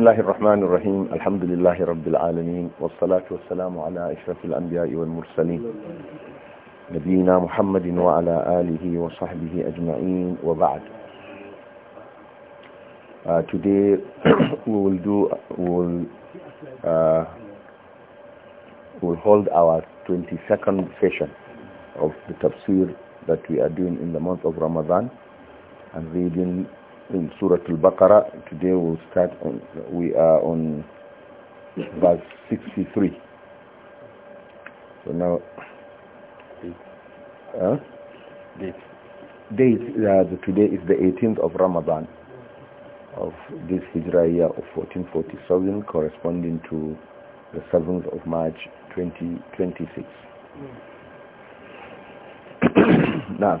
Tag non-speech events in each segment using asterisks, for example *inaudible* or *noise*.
بسم الله الرحمن الرحيم الحمد لله رب العالمين والصلاة والسلام على إشرف الأنبياء والمرسلين نبينا محمد وعلى آله وصحبه أجمعين وبعد uh, Today *clears throat* we will do we will, uh, we will hold our 22nd session of the tafsir that we are doing in the month of Ramadan and reading in Surah Al-Baqarah. Today we'll start on, we are on verse 63. So now, huh? date. Date, uh, the, today is the 18th of Ramadan of this Hijrah year of 1447 corresponding to the 7th of March 2026. 20, hmm. *coughs* now,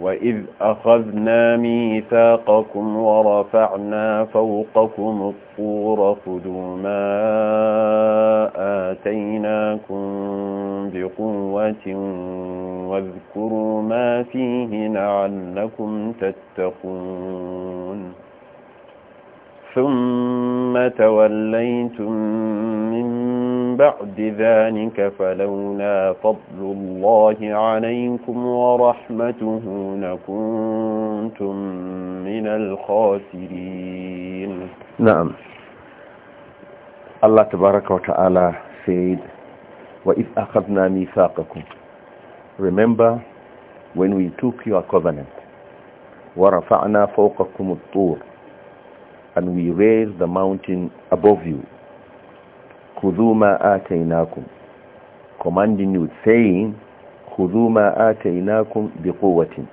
وَإِذْ أَخَذْنَا مِيثَاقَكُمْ وَرَفَعْنَا فَوْقَكُمُ الطُّورَ خُذُوا مَا آتَيْنَاكُمْ بِقُوَّةٍ وَاذْكُرُوا مَا فِيهِ لَعَلَّكُمْ تَتَّقُونَ ثم توليتم من بعد ذلك فلولا فضل الله عليكم ورحمته لكنتم من الخاسرين نعم الله تبارك وتعالى سيد وَإِذْ أَخَذْنَا مِيثَاقَكُمْ Remember when we took your covenant وَرَفَعْنَا فَوْقَكُمُ الطُّورِ and we raise the mountain above you. Kuduma inakum, Commanding you, saying, Kuduma atainakum biquwatin.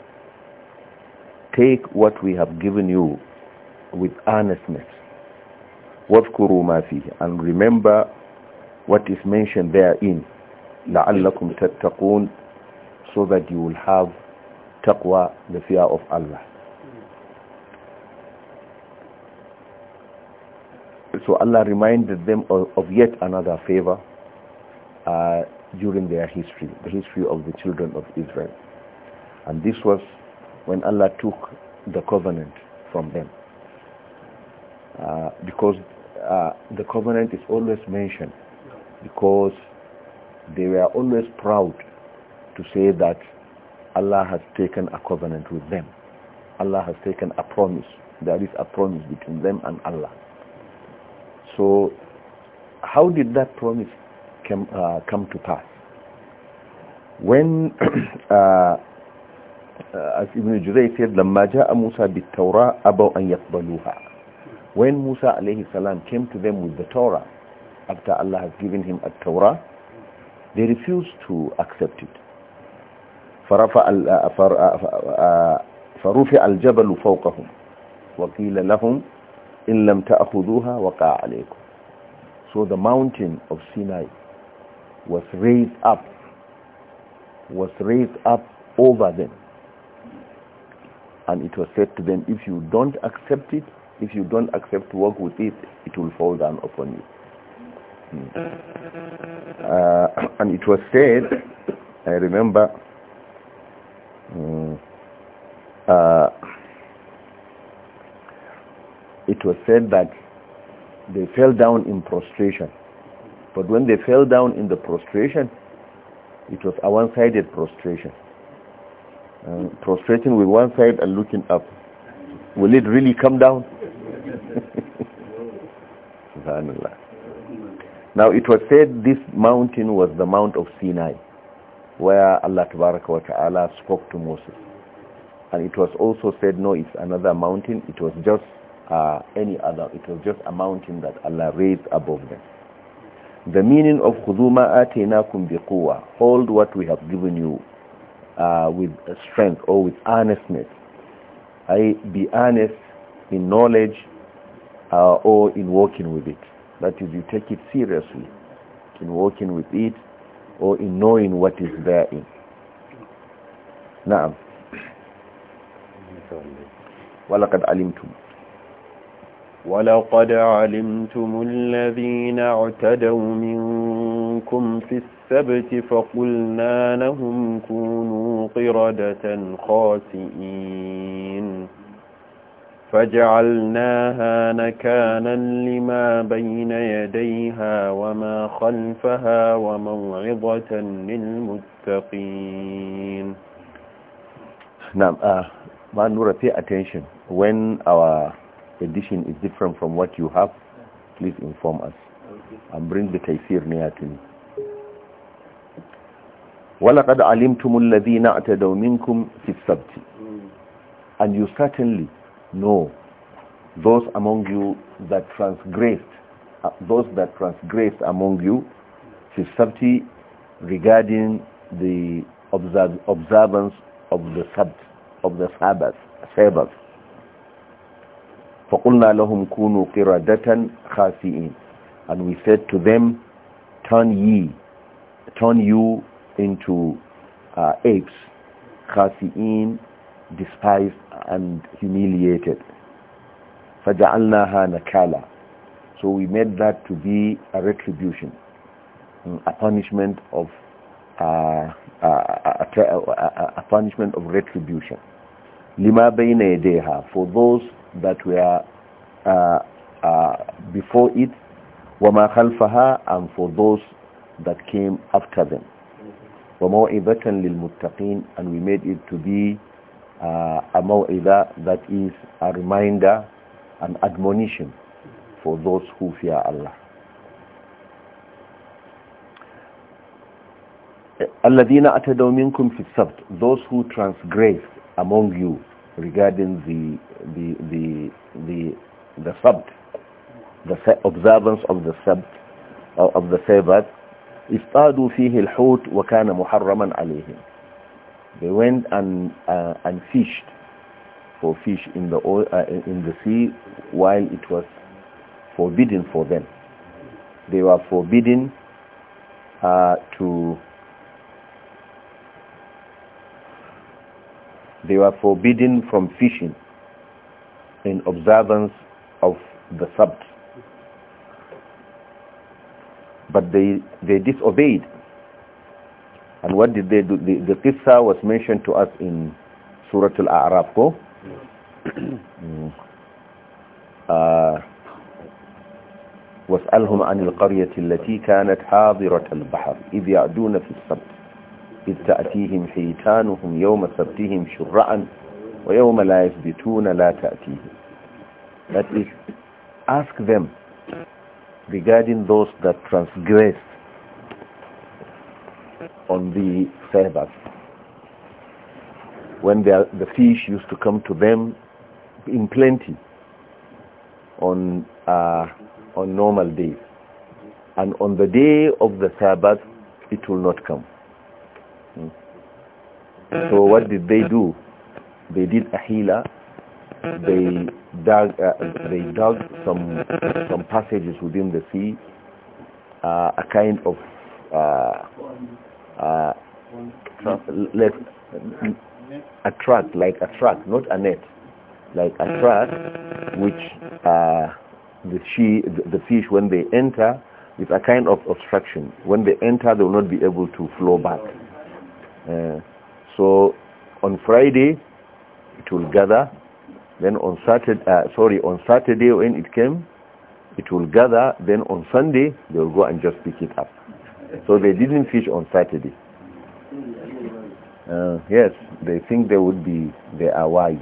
Take what we have given you with earnestness. Wadhkuru ma fihi. And remember what is mentioned therein. لعلكم تتقون so that you will have taqwa, the fear of Allah. so Allah reminded them of, of yet another favor uh, during their history, the history of the children of Israel. And this was when Allah took the covenant from them. Uh, because uh, the covenant is always mentioned because they were always proud to say that Allah has taken a covenant with them. Allah has taken a promise. There is a promise between them and Allah. So how did that promise come, uh, come to pass? When, *clears throat* uh, uh, as Ibn Juzay said, لَمَّا جَاءَ مُوسَى بِالتَّوْرَىٰ أَبَوْا أَن يَقْبَلُوهَا When Musa alayhi salam came to them with the Torah, after Allah has given him a Torah, they refused to accept it. فَرُفِعَ uh, uh, الْجَبَلُ فَوْقَهُمْ وَقِيلَ لَهُمْ in lam ta'khuduha waqa'a so the mountain of sinai was raised up was raised up over them and it was said to them if you don't accept it if you don't accept to work with it it will fall down upon you hmm. uh, *coughs* and it was said i remember um, uh, it was said that they fell down in prostration. But when they fell down in the prostration, it was a one-sided prostration. Uh, prostrating with one side and looking up. Will it really come down? *laughs* Subhanallah. Now it was said this mountain was the Mount of Sinai, where Allah wa ta'ala spoke to Moses. And it was also said, no, it's another mountain. It was just uh, any other. It was just a mountain that Allah raised above them. The meaning of khuduma kumbi biquwa, hold what we have given you uh, with strength or with earnestness. I be earnest in knowledge uh, or in working with it. That is, you take it seriously in working with it or in knowing what is therein. Now, وَلَقَدْ عَلِمْتُمْ ولقد علمتم الذين اعتدوا منكم في السبت فقلنا لهم كونوا قردة خاسئين فجعلناها نكالا لما بين يديها وما خلفها وموعظة للمتقين نعم آه، ما man, attention. When our edition is different from what you have, please inform us. And bring the kaysir near to me. وَلَقَدْ عَلِمْتُمُ الَّذِينَ أَعْتَدَوْ مِنْكُمْ فِي السَّبْتِ And you certainly know those among you that transgressed, uh, those that transgressed among you, fil sabti regarding the observ observance of the sabt, of the Sabbath, Sabbath. فَقُلْنَا لَهُمْ كُونُوا قِرَدَةً خَاسِئِينَ And we said to them, turn ye, turn you into uh, apes, khasi'in, despised and humiliated. فَجَعَلْنَاهَا نَكَالًا So we made that to be a retribution, mm, a punishment of uh, uh a, a, a, a punishment of retribution. لِمَا بَيْنَ يَدَيْهَا For those that were uh, uh, before it, وَمَا خَلْفَهَا and for those that came after them. وَمَوْعِذَةً لِلْمُتَّقِينَ and we made it to be uh, a maw'idah that is a reminder, an admonition for those who fear Allah. الذين أتدوا منكم في السبت those who transgress among you regarding the the the the the the observance of the sabt uh, of the Sabbath. اصطادوا فيه They went and uh, and fished for fish in the oil, uh, in the sea while it was forbidden for them. They were forbidden uh, to They were forbidden from fishing in observance of the Sabbath. But they, they disobeyed. And what did they do? The, the qissa was mentioned to us in Surah Al-A'raf. Go. al واسألهم عن القرية التي كانت حاضرة البحر إذ يعدون في السبت إذ تأتيهم حيتانهم يوم سبتهم شرعا ويوم لا يثبتون لا تأتيهم That is, ask them regarding those that transgress on the Sabbath. When the fish used to come to them in plenty on, uh, on normal days. And on the day of the Sabbath, it will not come. So what did they do? They did a hila. They dug, uh, they dug some, some passages within the sea, uh, a kind of, uh, let, uh, a trap, like a trap, not a net, like a trap, which uh, the, she, the fish, when they enter, is a kind of obstruction. When they enter, they will not be able to flow back. Uh, so on Friday it will gather. Then on Saturday, uh, sorry, on Saturday when it came, it will gather. Then on Sunday they will go and just pick it up. So they didn't fish on Saturday. Uh, yes, they think they would be, they are wise.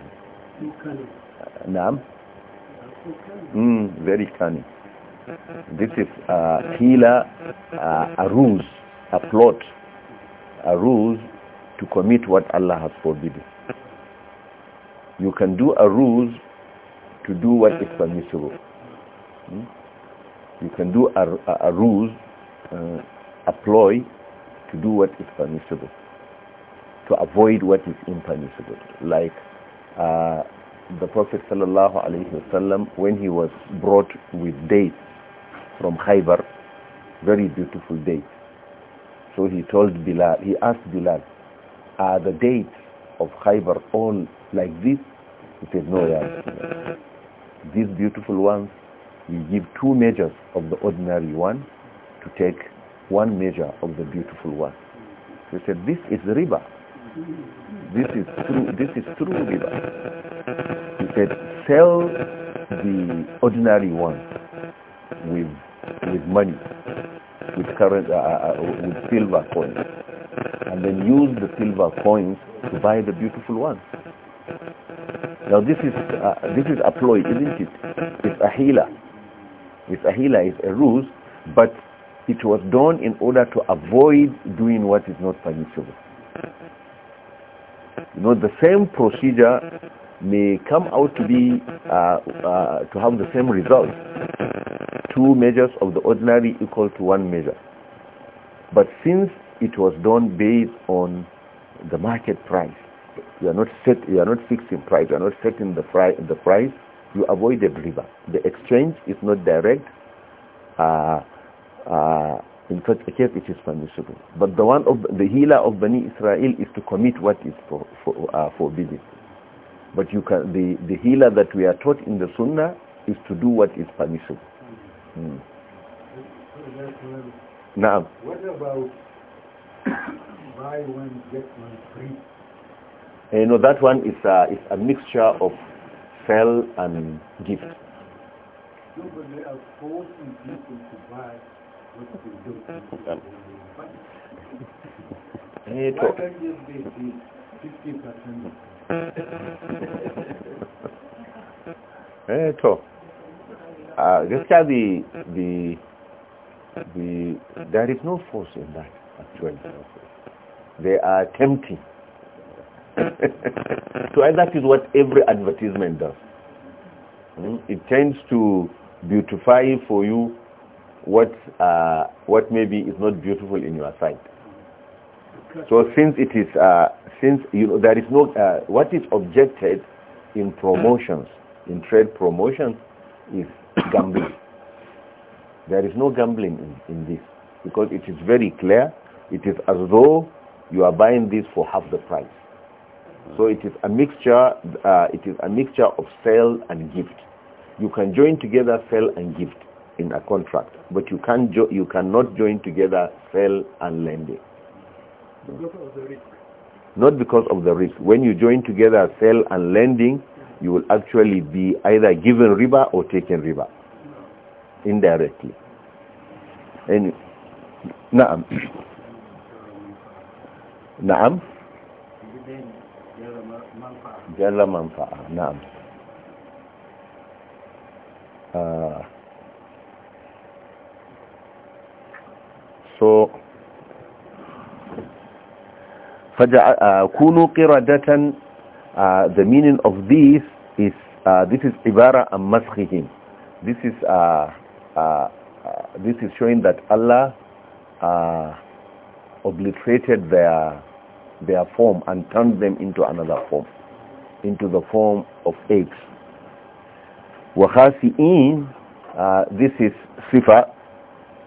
Nam? Mm, very cunning. This is uh, a killer, uh, a ruse, a plot, a ruse to commit what Allah has forbidden. You can do a ruse to do what is permissible. Hmm? You can do a, a, a ruse, uh, a ploy, to do what is permissible, to avoid what is impermissible. Like uh, the Prophet ﷺ, when he was brought with dates from Khaybar, very beautiful dates. So he told Bilal, he asked Bilal, are the dates of Khaybar all like this? He said, no, yeah. These beautiful ones, we give two measures of the ordinary one to take one measure of the beautiful one. He said, this is riba. This is true, this is true riba. He said, sell the ordinary one with, with money with, current, uh, uh, uh, with silver coins. And then use the silver coins to buy the beautiful ones. Now this is, uh, this is a ploy, isn't it? It's a healer. It's a healer it's a ruse, but it was done in order to avoid doing what is not permissible. You know, the same procedure may come out to be uh, uh, to have the same result two measures of the ordinary equal to one measure but since it was done based on the market price you are not set you are not fixing price you are not setting the, the price you avoid the river the exchange is not direct uh, uh, in such a case, it is permissible. But the one of the healer of Bani Israel is to commit what is for, for, uh, forbidden. But you can, the, the healer that we are taught in the Sunnah is to do what is permissible. Mm. Now, what about buy one get one free? You eh, know that one is a uh, is a mixture of sell and gift. No, but they are forcing people to buy what they don't. Eh, Why can't be fifty percent? eh to a ah, gaskiya the the the there is no force in that actually they are tempting *laughs* so that is what every advertisement does hmm? it tends to beautify for you what uh, what maybe is not beautiful in your sight so since it is, uh, since you know, there is no, uh, what is objected in promotions, in trade promotions, is gambling. There is no gambling in, in this because it is very clear. It is as though you are buying this for half the price. So it is a mixture. Uh, it is a mixture of sale and gift. You can join together sell and gift in a contract, but you can you cannot join together sell and lending. Not because of the risk. When you join together sell and lending, you will actually be either given riba or taken riba. Indirectly. And Naam. *clears throat* Naam. Jalla manfa'a. Naam. Uh, so kunu qiradatan the meaning of this is uh, this is ibara and this is uh, uh, this is showing that Allah obliterated their their form and turned them into another form into the form of apes wakhasi'in this is sifa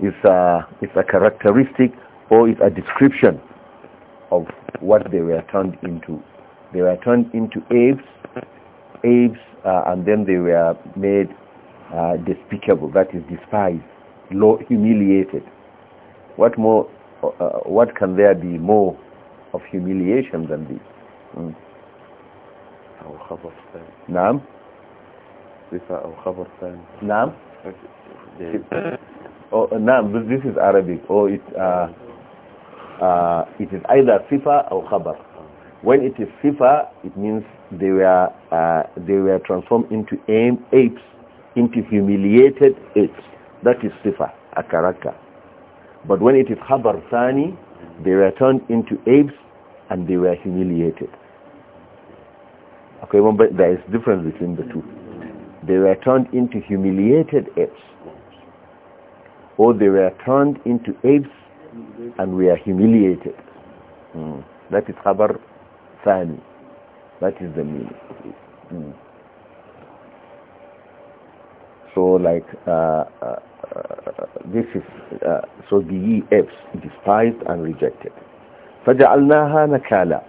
is a, is a characteristic or is a description of what they were turned into. They were turned into apes, apes, uh, and then they were made uh, despicable, that is despised, low, humiliated. What more, uh, uh, what can there be more of humiliation than this? Mm. أو خبر oh, نعم this is Arabic oh, oh it, uh, uh, it is either sifa or khabar. When it is sifa, it means they were uh, they were transformed into apes, into humiliated apes. That is sifa, a character. But when it is khabar thani, they were turned into apes and they were humiliated. Okay, remember there is difference between the two. They were turned into humiliated apes, or they were turned into apes and we are humiliated. Mm. That is khabar thani. That is the meaning. Mm. So like uh, uh, uh this is uh, so the EFS despised and rejected. فَجَعَلْنَاهَا نَكَالًا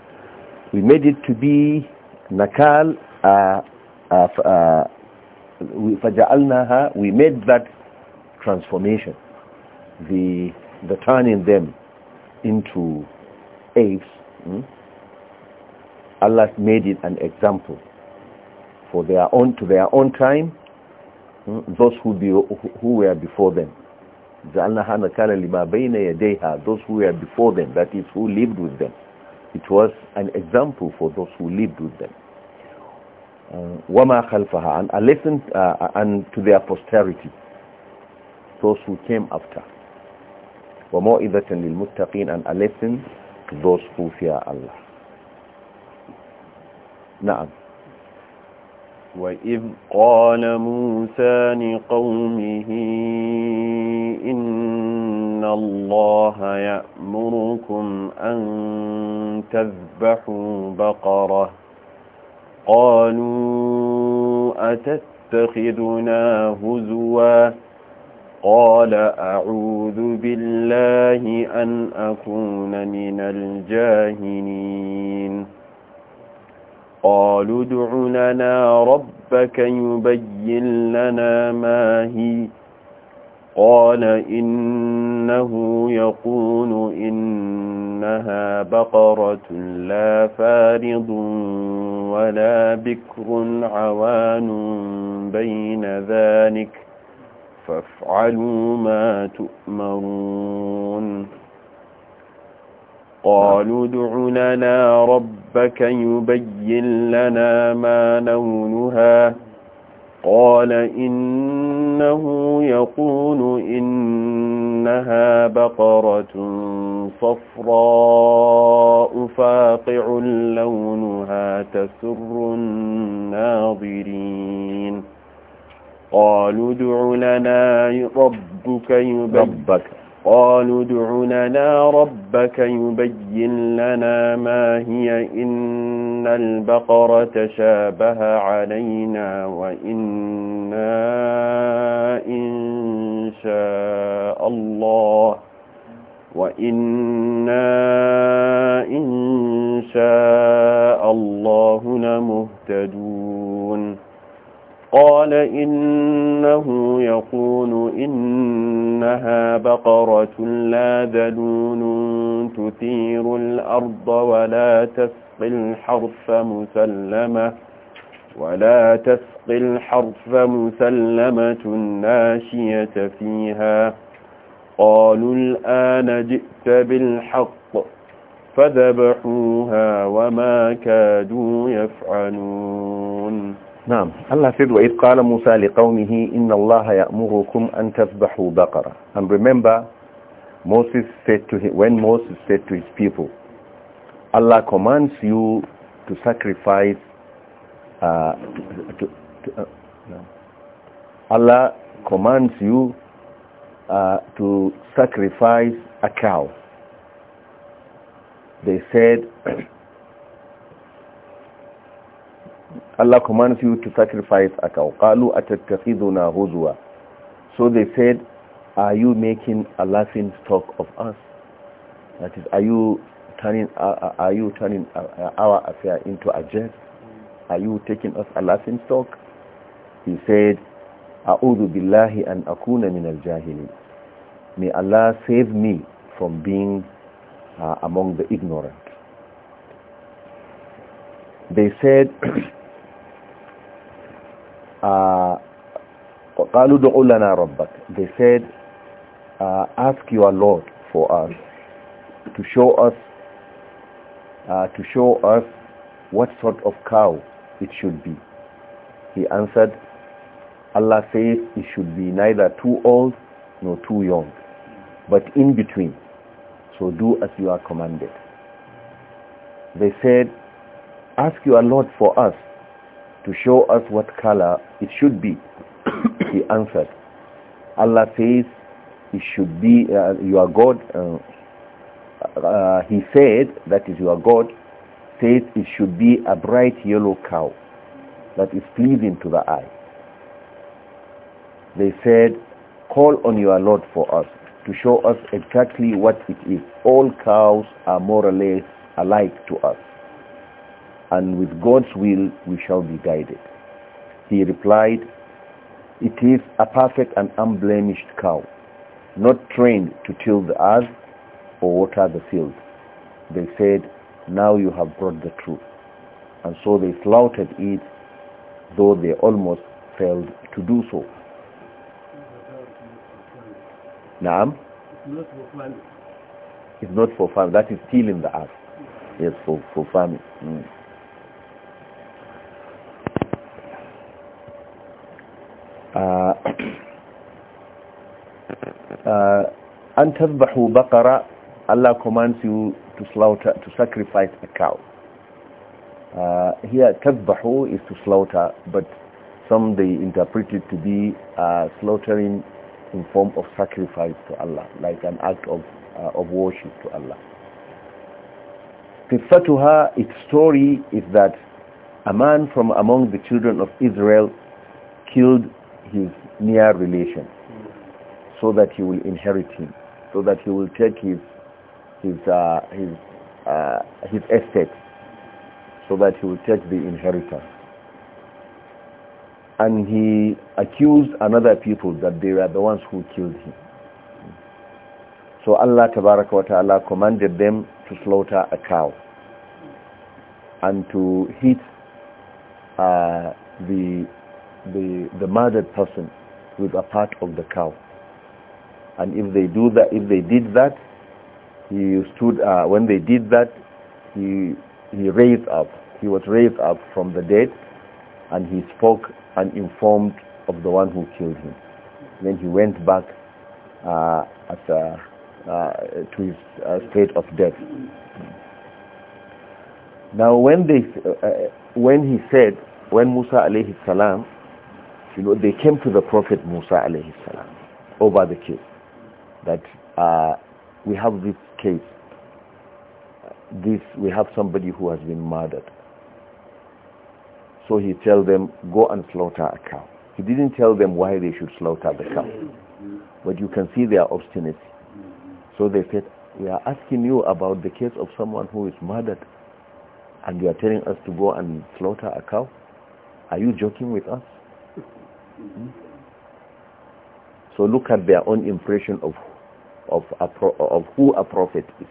We made it to be nakal uh, فَجَعَلْنَاهَا We made that transformation. The the turning them into apes, hmm? Allah made it an example for their own to their own time, hmm? those who, be, who were before them. Those who were before them, that is, who lived with them. It was an example for those who lived with them. Uh, and a lesson uh, and to their posterity, those who came after. وموئدة للمتقين and a lesson to those who fear Allah نعم وإذ قال موسى لقومه إن الله يأمركم أن تذبحوا بقرة قالوا أتتخذنا هزواً قال أعوذ بالله أن أكون من الجاهلين قالوا ادع لنا ربك يبين لنا ما هي قال إنه يقول إنها بقرة لا فارض ولا بكر عوان بين ذلك فافعلوا ما تؤمرون قالوا ادع لنا ربك يبين لنا ما لونها قال إنه يقول إنها بقرة صفراء فاقع لونها تسر الناظرين قالوا ادع لنا ربك يبين قالوا ادع لنا ربك يبين لنا ما هي إن البقرة تشابه علينا وإنا إن شاء الله وإنا إن شاء الله لمهتدون قال إنه يقول إنها بقرة لا ذلول تثير الأرض ولا تسقي الحرف مسلمة ولا تسقي الحرف مسلمة ناشية فيها قالوا الآن جئت بالحق فذبحوها وما كادوا يفعلون Allah said, And remember, Moses said to him, when Moses said to his people, Allah commands you to sacrifice, uh, to, to, uh, no. Allah commands you uh, to sacrifice a cow. They said, Allah commands you to sacrifice a cow. قَالُوا أَتَتَّخِذُنَا هُزُوًا So they said, are you making a laughing stock of us? That is, are you turning, uh, are you turning uh, our affair into a jest? Are you taking us a laughing stock? He said, أعوذ بالله أن أكون من الجاهلين. May Allah save me from being uh, among the ignorant. They said, *clears throat* Uh, they said uh, ask your Lord for us to show us uh, to show us what sort of cow it should be he answered Allah says it should be neither too old nor too young but in between so do as you are commanded they said ask your Lord for us to show us what color it should be. *coughs* he answered, Allah says, it should be, uh, your God, uh, uh, he said, that is your God, says it should be a bright yellow cow that is pleasing to the eye. They said, call on your Lord for us to show us exactly what it is. All cows are more or less alike to us and with God's will we shall be guided. He replied, It is a perfect and unblemished cow, not trained to till the earth or water the field. They said, Now you have brought the truth. And so they slaughtered it, though they almost failed to do so. Naam? It's not for farming. That is stealing the earth. Yes, for, for farming. Mm. an uh, baqara uh, Allah commands you to slaughter to sacrifice a cow uh, here tazbahu is to slaughter but some they interpret it to be uh, slaughtering in form of sacrifice to Allah like an act of uh, of worship to Allah her, its story is that a man from among the children of Israel killed his near relation so that he will inherit him, so that he will take his, his, uh, his, uh, his estate, so that he will take the inheritance. And he accused another people that they were the ones who killed him. So Allah wa ta'ala commanded them to slaughter a cow and to hit uh, the the, the murdered person with a part of the cow. And if they do that, if they did that, he stood, uh, when they did that, he, he raised up, he was raised up from the dead and he spoke and informed of the one who killed him. Then he went back uh, at, uh, uh to his uh, state of death. Now when, they, uh, when he said, when Musa alayhi salam you know, they came to the Prophet Musa alayhi salam over the case that uh, we have this case. This we have somebody who has been murdered. So he tell them, go and slaughter a cow. He didn't tell them why they should slaughter the cow, but you can see their obstinacy. So they said, we are asking you about the case of someone who is murdered, and you are telling us to go and slaughter a cow. Are you joking with us? So look at their own impression of of a pro, of who a prophet is.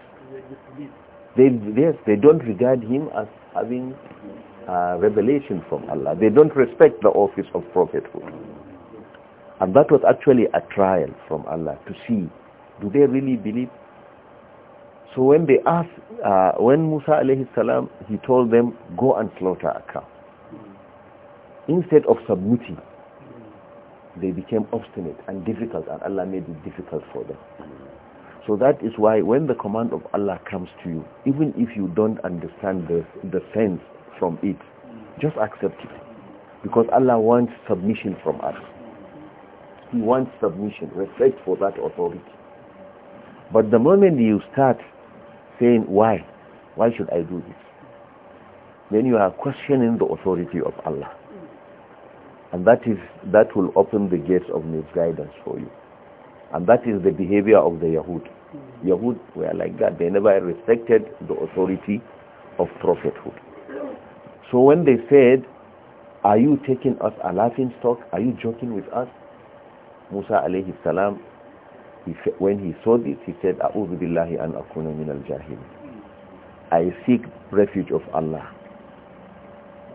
They yes, they don't regard him as having a revelation from Allah. They don't respect the office of prophethood. And that was actually a trial from Allah to see, do they really believe? So when they asked, uh, when Musa alayhi salam, he told them, go and slaughter a cow. Instead of submitting, they became obstinate and difficult and Allah made it difficult for them. So that is why when the command of Allah comes to you, even if you don't understand the, the sense from it, just accept it. Because Allah wants submission from us. He wants submission, respect for that authority. But the moment you start saying, why? Why should I do this? Then you are questioning the authority of Allah. And that is that will open the gates of misguidance for you. And that is the behavior of the Yahud. Yahud were like that. They never respected the authority of prophethood. So when they said, are you taking us a laughing stock? Are you joking with us? Musa alayhi salam, he, when he saw this, he said, A'udhu billahi an akuna min al-jahil. I seek refuge of Allah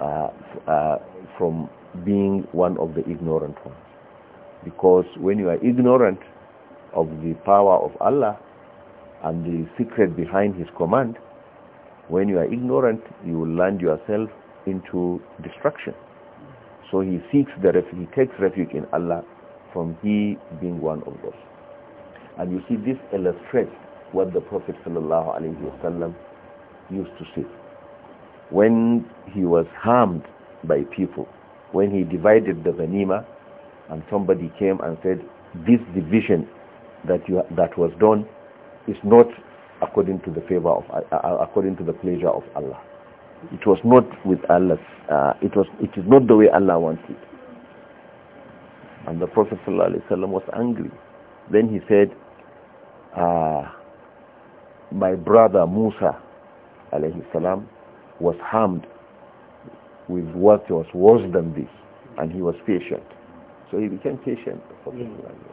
uh, uh, from being one of the ignorant ones. Because when you are ignorant of the power of Allah and the secret behind His command, when you are ignorant, you will land yourself into destruction. So he seeks the he takes refuge in Allah from he being one of those. And you see, this illustrates what the Prophet ﷺ used to say. When he was harmed by people, when he divided the ghanima and somebody came and said, this division that, you, that was done is not according to the favor of, uh, uh, according to the pleasure of Allah. It was not with Allah's, uh, it, was, it is not the way Allah wants it. And the Prophet ﷺ was angry. Then he said, uh, my brother Musa alayhi salam was harmed with what was worse than this. And he was patient. So he became patient.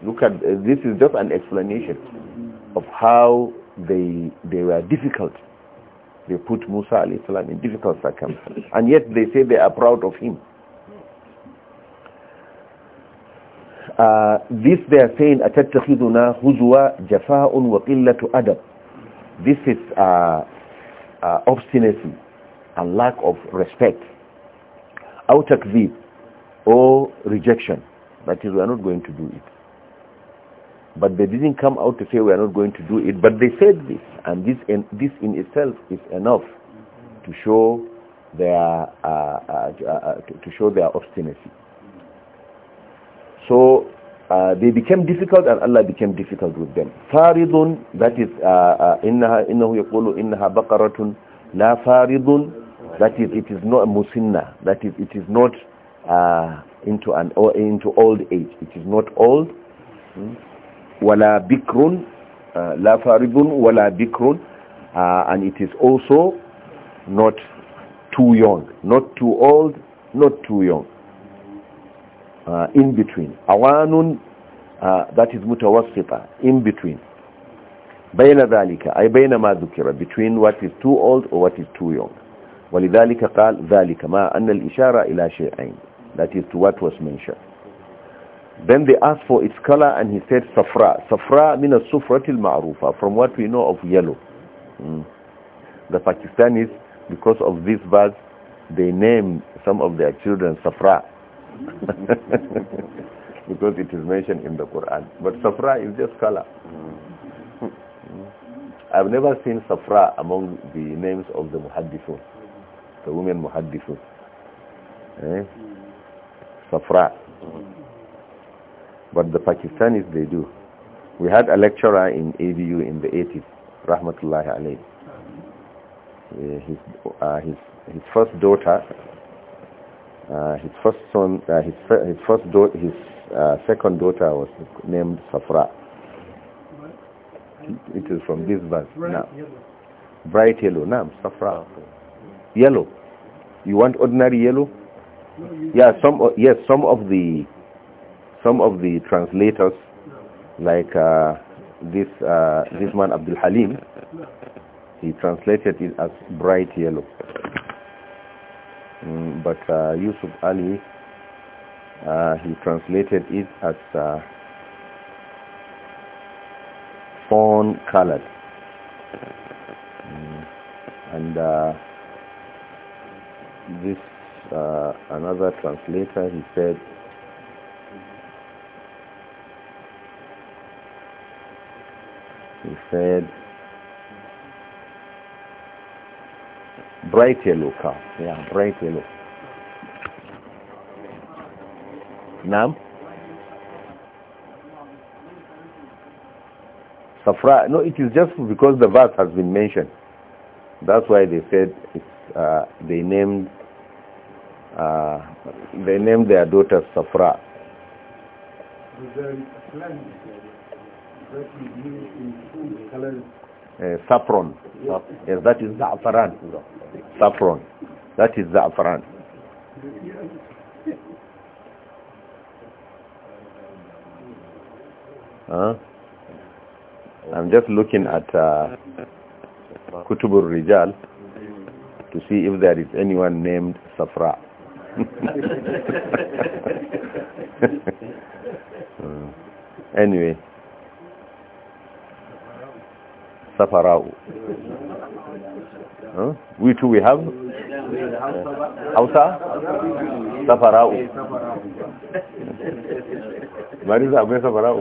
Look at, uh, this is just an explanation of how they, they were difficult. They put Musa salam in difficult circumstances. And yet they say they are proud of him. Uh, this they are saying, huzwa jafā جَفَاءٌ وَقِلَّةُ adab." This is uh, uh, obstinacy and lack of respect أو or rejection that is we are not going to do it but they didn't come out to say we are not going to do it but they said this and this in, this in itself is enough to show their uh, uh, uh to show their obstinacy so uh, they became difficult and Allah became difficult with them faridun that is uh, uh, Inna innahu yaqulu Inna baqaratun la faridun that is, it is not musinna. That is, it is not uh, into an or into old age. It is not old. Hmm? Wala bikrun, uh, la faribun, wala bikrun, uh, and it is also not too young, not too old, not too young. Uh, in between. Awanun, uh, that is mutawassita, in between. Bayna dhalika, ay bayna ma dhukira, between what is too old or what is too young. ولذلك قال ذلك ما أن الإشارة إلى شيئين that is to what was mentioned then they asked for its color and he said safra safra من الصفرة المعروفة from what we know of yellow mm. the Pakistanis because of this verse they name some of their children safra *laughs* because it is mentioned in the Quran but safra is just color hmm. Hmm. I've never seen safra among the names of the muhaddithun the women muhaddisun eh? Safra but the Pakistanis they do we had a lecturer in ABU in the 80s Rahmatullahi Alayhi uh, his, uh, his, his first daughter uh, his first son, uh, his, his first do his uh, second daughter was named Safra. It is from this verse. Bright now. Yellow. Bright yellow. Now, Safra. Yellow. You want ordinary yellow? Yeah, some uh, yes, some of the some of the translators, like uh, this uh, this man Abdul Halim, he translated it as bright yellow. Mm, but uh, Yusuf Ali, uh, he translated it as uh, fawn colored. Mm, and this uh, another translator he said he said bright yellow car yeah bright yellow Nam? Safra, no, it is just because the verse has been mentioned. That's why they said uh, they named uh, they named their daughter Safra. Eh, saffron. Yes. that is za'faran. Saffron. That is za'faran. Huh? I'm just looking at uh, Kutubur Rijal to see if there is anyone named Safra. *laughs* anyway safara'u huh? we too we have hausa safara'u marisa abin safara'u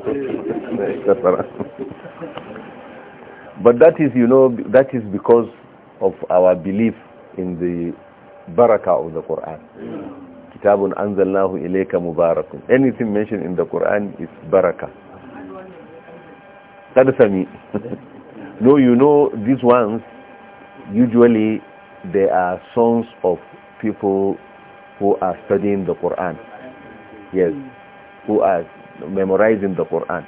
*laughs* but that is you know that is because of our belief in the Baraka of the Quran. Kitabun anzalnahu ilayka mubarakun. Anything mentioned in the Quran is Baraka. That is me. no, you know, these ones, usually they are sons of people who are studying the Quran. Yes, who are memorizing the Quran.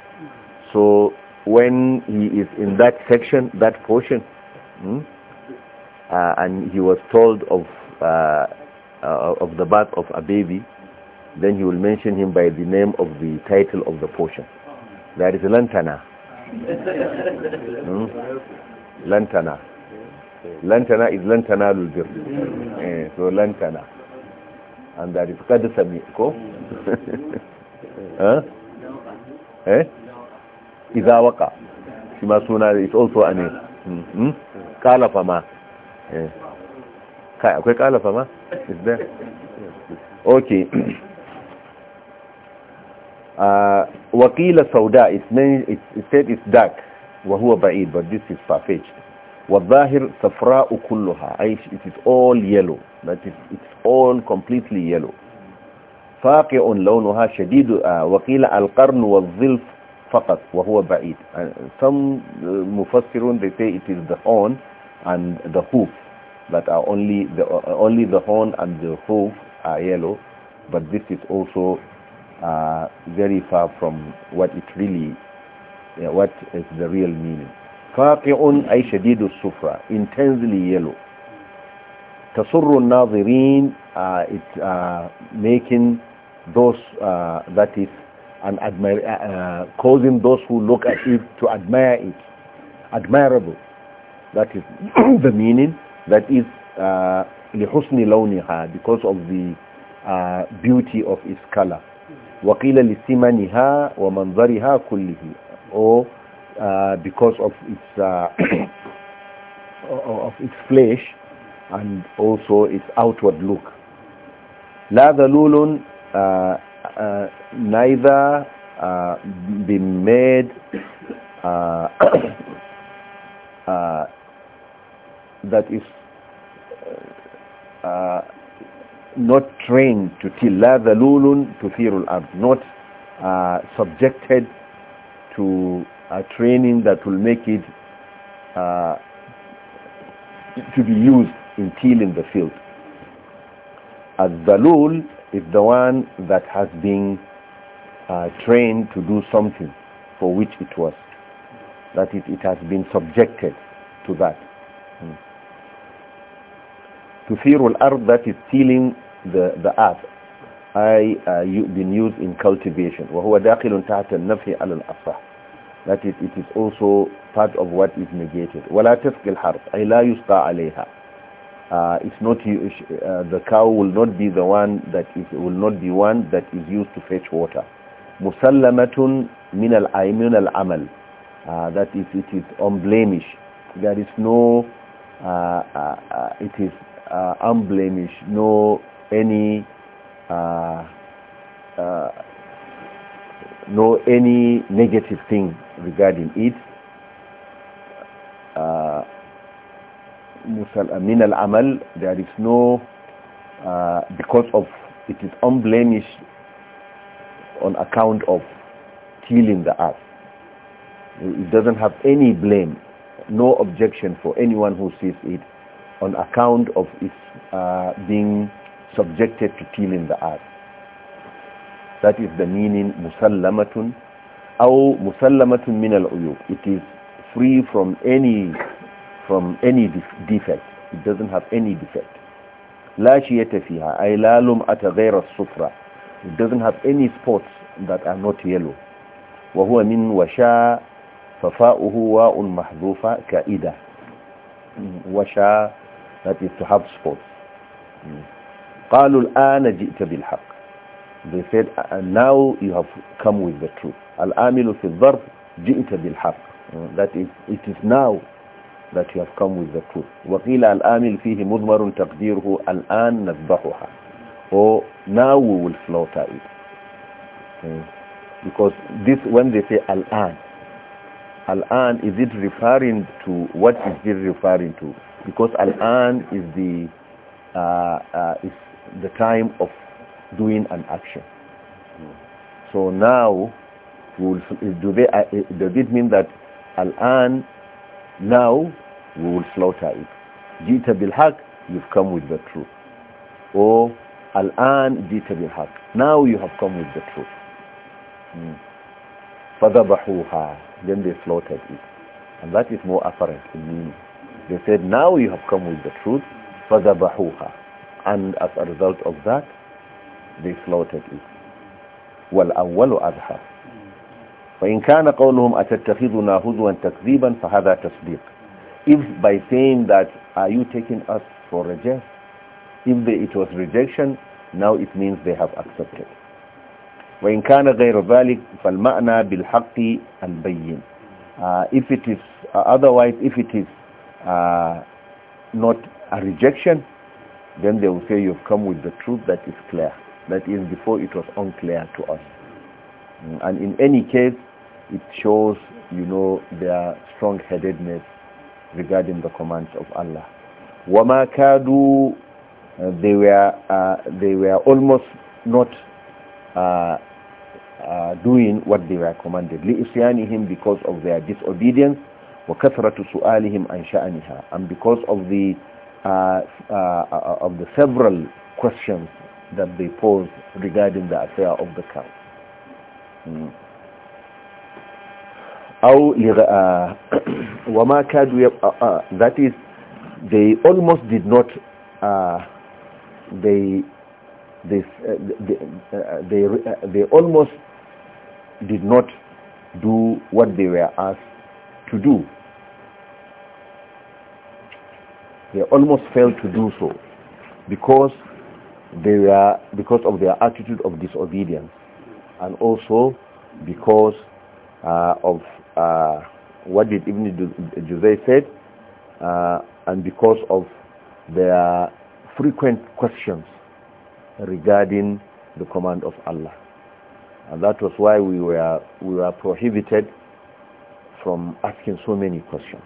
So when he is in that section, that portion, hmm, uh, and he was told of uh, uh, of the birth of a baby, then he will mention him by the name of the title of the portion. That is Lantana. hmm? Lantana. Lantana is Lantana Lulbir. Yeah, so Lantana. And that is Qadisami. Ko? *laughs* huh? Eh? Izawaka. Shimasuna is also a name. Hmm? Hmm? Eh. kai akwai kalafa ma is there *clears throat* ah, wakila sauda it said it's dark wa huwa ba'id but this is far fetched والظاهر صفراء كلها it is all yellow that is it's all completely yellow فاقع لونها شديد وقيل القرن والظلف فقط wa بعيد and ah, some uh, مفسرون they say it is the horn and the hoof that are only the, uh, only the horn and the hoof are yellow, but this is also uh, very far from what it really, uh, what is the real meaning. فاقع أي شديد الصفرة intensely yellow تسر الناظرين uh, it uh, making those uh, that is and admire, uh, uh, causing those who look at it to admire it admirable that is *coughs* the meaning that uh, because of the uh, beauty of its color. Wakila لِسِمَنِهَا وَمَنْظَرِهَا كُلِّهِ or uh, because of its uh, *coughs* of its flesh and also its outward look. لَا ذَلُولٌ uh, uh, neither be made *coughs* that is uh, not trained to till la dhalulun tuthirul ard not uh, subjected to a training that will make it uh, to be used in tilling the field A dhalul is the one that has been uh, trained to do something for which it was that it, it has been subjected to that mm. Tufirul ard, that is tilling the, the earth. I, uh, been used in cultivation. وَهُوَ دَاخِلٌ تَحْتَ النَّفْهِ عَلَى الْأَصَّحِ That it, it is also part of what is negated. وَلَا تَسْقِ الحرب أي لا يُسْقَى عَلَيْهَا uh, it's not uh, the cow will not be the one that is will not be one that is used to fetch water musallamatun min al aymin al amal that is it is unblemished there is no uh, uh, uh it is uh, unblemished, no any uh, uh, no any negative thing regarding it. Uh, uh, min al amal, there is no uh, because of it is unblemished on account of tilling the earth. It doesn't have any blame, no objection for anyone who sees it on account of its uh, being subjected to tilling the earth. That is the meaning musallamatun aw musallamatun min al It is free from any from any defect. It doesn't have any defect. لا شيئة فيها أي لا لمعة غير الصفرة. It doesn't have any spots that are not yellow. وهو من وشاء ففاؤه واء محذوفة كائدة وشاء that is to have sports. قالوا الآن جئت بالحق They said, and uh, uh, now you have come with the truth. الآمل في الظرف جئت بالحق That is, it is now that you have come with the truth. وقيل الآمل فيه مضمر تقديره الآن نذبحها Or oh, now we will slaughter it. Because this, when they say الان "الآن," is it referring to, what is it referring to? because al-an is the uh, uh, is the time of doing an action. So now, will, do they, uh, does it mean that al-an now we will slaughter it? Jita Bil-Haq, you've come with the truth. Or al-an jita Bil-Haq, now you have come with the truth. Mm. Bahuha, Then they slaughtered it. And that is more apparent in meaning. They said, now you have come with the truth, فَذَبَحُوهَا And as a result of that, they slaughtered it. وَالْأَوَّلُ أَذْهَا فَإِنْ كَانَ قَوْلُهُمْ أَتَتَّخِذُنَا هُزُوًا تَكْذِيبًا فَهَذَا تَصْدِيقٌ If by saying that, are you taking us for a jest? If they, it was rejection, now it means they have accepted. وإن كان غير ذلك فالمعنى بالحق البين uh, if it is uh, otherwise if it is uh, not a rejection, then they will say you've come with the truth that is clear. That is before it was unclear to us. Mm, and in any case, it shows, you know, their strong-headedness regarding the commands of Allah. Wama kadu, uh, they were uh, they were almost not uh, uh doing what they were commanded. him because of their disobedience وَكَثْرَةُ سُؤَالِهِمْ عَنْ شَأْنِهَا And because of the, uh, uh, of the several questions that they posed regarding the affair of the cow. Mm. أو لغ... وما كادوا that is they almost did not uh, they this, uh, they, uh, they, uh, they almost did not do what they were asked to do They almost failed to do so because they were because of their attitude of disobedience and also because uh, of uh, what did Ibn Juzay said uh, and because of their frequent questions regarding the command of Allah and that was why we were we were prohibited from asking so many questions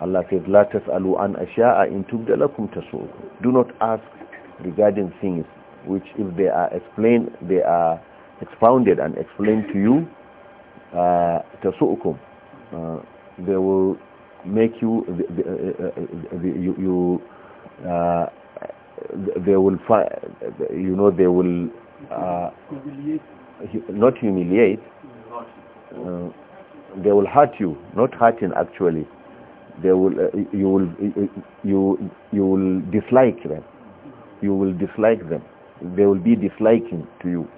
Allah says, La tas'alu an asha'a in tubda lakum Do not ask regarding things which if they are explained, they are expounded and explained to you, uh, tasu'ukum. Uh, they will make you, uh, uh, you, uh, they will, you know, they will not humiliate, they will hurt you, not hurting actually they will uh, you will you you will dislike them you will dislike them they will be disliking to you